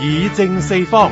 議政四方。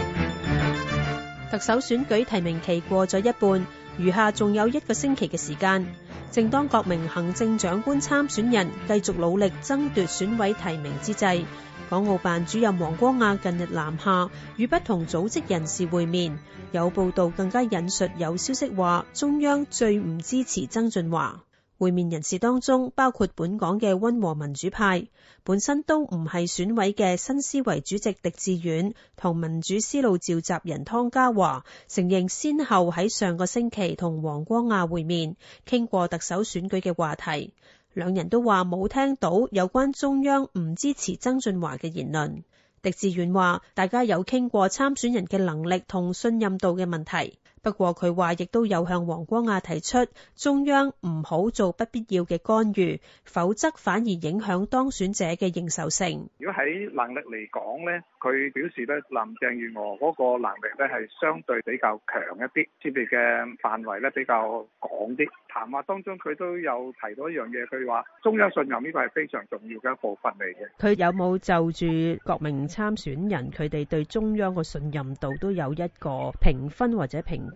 特首選舉提名期過咗一半，餘下仲有一個星期嘅時間。正當各名行政長官參選人繼續努力爭奪選委提名之際，港澳辦主任王光亞近日南下與不同組織人士會面，有報道更加引述有消息話，中央最唔支持曾俊華。會面人士當中，包括本港嘅温和民主派，本身都唔係選委嘅新思維主席狄志遠同民主思路召集人湯家驊承認先後喺上個星期同王光亞會面，傾過特首選舉嘅話題。兩人都話冇聽到有關中央唔支持曾俊華嘅言論。狄志遠話，大家有傾過參選人嘅能力同信任度嘅問題。不過佢話亦都有向王光亞提出，中央唔好做不必要嘅干預，否則反而影響當選者嘅認受性。如果喺能力嚟講呢，佢表示呢林鄭月娥嗰個能力呢係相對比較強一啲，涉及嘅範圍呢比較廣啲。談話當中佢都有提到一樣嘢，佢話中央信任呢個係非常重要嘅一部分嚟嘅。佢有冇就住各名參選人佢哋對中央嘅信任度都有一個評分或者評？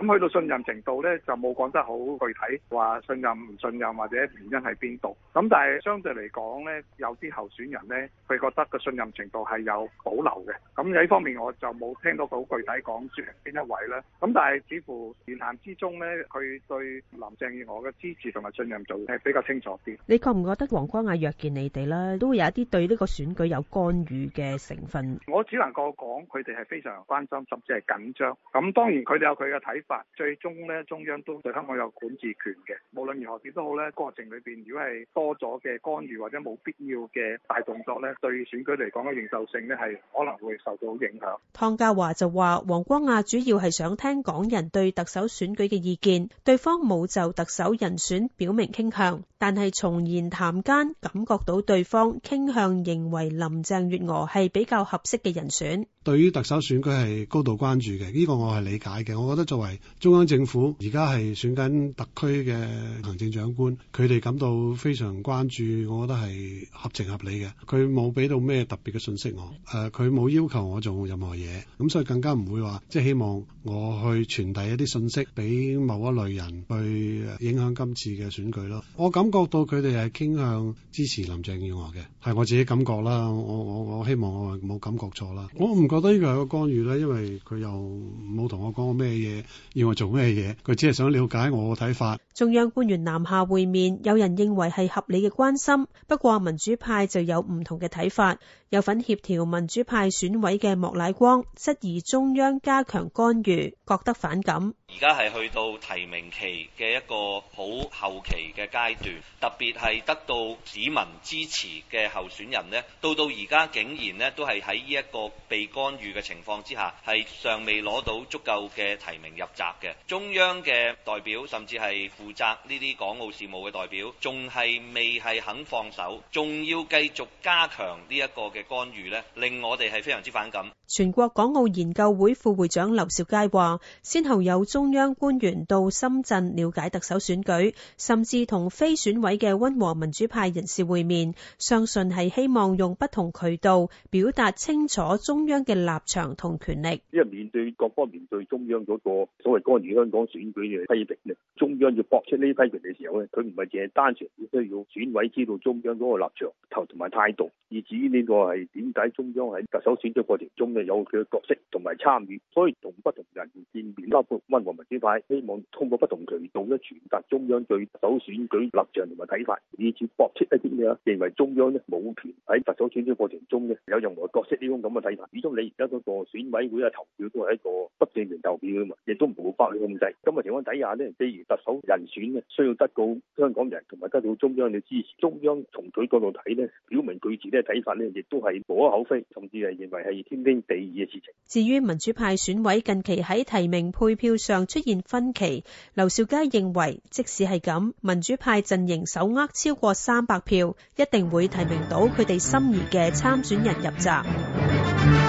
咁去到信任程度咧，就冇講得好具體話信任唔信任或者原因喺邊度。咁但係相對嚟講咧，有啲候選人咧，佢覺得個信任程度係有保留嘅。咁喺呢方面我就冇聽到好具體講，講係邊一位啦。咁但係似乎言談之中咧，佢對林鄭月娥嘅支持同埋信任度係比較清楚啲。你覺唔覺得王光亞約見你哋咧，都會有一啲對呢個選舉有干預嘅成分？我只能夠講，佢哋係非常關心，甚至係緊張。咁當然佢哋有佢嘅睇。最終咧，中央都對香港有管治權嘅。無論如何，點都好呢，過程裏邊如果係多咗嘅干預或者冇必要嘅大動作呢，對選舉嚟講嘅認受性呢係可能會受到影響。湯家驊就話，王光亞主要係想聽港人對特首選舉嘅意見，對方冇就特首人選表明傾向。但係從言談間感覺到對方傾向認為林鄭月娥係比較合適嘅人選。對於特首選舉係高度關注嘅，呢個我係理解嘅。我覺得作為中央政府而家係選緊特區嘅行政長官，佢哋感到非常關注，我覺得係合情合理嘅。佢冇俾到咩特別嘅信息我，誒佢冇要求我做任何嘢，咁所以更加唔會話即係希望我去傳遞一啲信息俾某一類人去影響今次嘅選舉咯。我感感覺到佢哋係傾向支持林鄭月娥嘅，係我自己感覺啦。我我我希望我冇感覺錯啦。我唔覺得呢個係一個干預啦，因為佢又冇同我講過咩嘢，要我做咩嘢，佢只係想了解我嘅睇法。中央官員南下會面，有人認為係合理嘅關心，不過民主派就有唔同嘅睇法。有份協調民主派選委嘅莫乃光質疑中央加強干預，覺得反感。而家係去到提名期嘅一個好後期嘅階段，特別係得到市民支持嘅候選人呢到到而家竟然呢都係喺呢一個被干預嘅情況之下，係尚未攞到足夠嘅提名入閘嘅。中央嘅代表甚至係負責呢啲港澳事務嘅代表，仲係未係肯放手，仲要繼續加強呢一個嘅。干預咧，令我哋係非常之反感。全國港澳研究會副會長劉兆佳話，先後有中央官員到深圳了解特首選舉，甚至同非選委嘅溫和民主派人士會面，相信係希望用不同渠道表達清楚中央嘅立場同權力。因為面對各方面對中央嗰個所謂干預香港選舉嘅批評，嘅，中央要駁出呢批評嘅時候咧，佢唔係淨係單純只需要選委知道中央嗰個立場，頭同埋態度，以至於呢、那個。係點解中央喺特首選舉過程中咧有佢嘅角色同埋參與？所以同不同人見面，包括溫和民主派，希望通過不同渠道咧傳達中央對特首選舉立場同埋睇法，以至駁斥一啲咩啊？認為中央咧冇權喺特首選舉過程中咧有任何角色呢種咁嘅睇法。始終你而家嗰個選委會嘅投票都係一個不正面投票啊嘛，亦都唔冇法你控制。今日情況底下呢，譬如特首人選咧需要得到香港人同埋得到中央嘅支持。中央從佢角度睇呢，表明佢自己嘅睇法呢。亦都。係無可厚非，甚至係認為係天經地義嘅事情。至於民主派選委近期喺提名配票上出現分歧，劉兆佳認為即使係咁，民主派陣營手握超過三百票，一定會提名到佢哋心儀嘅參選人入閘。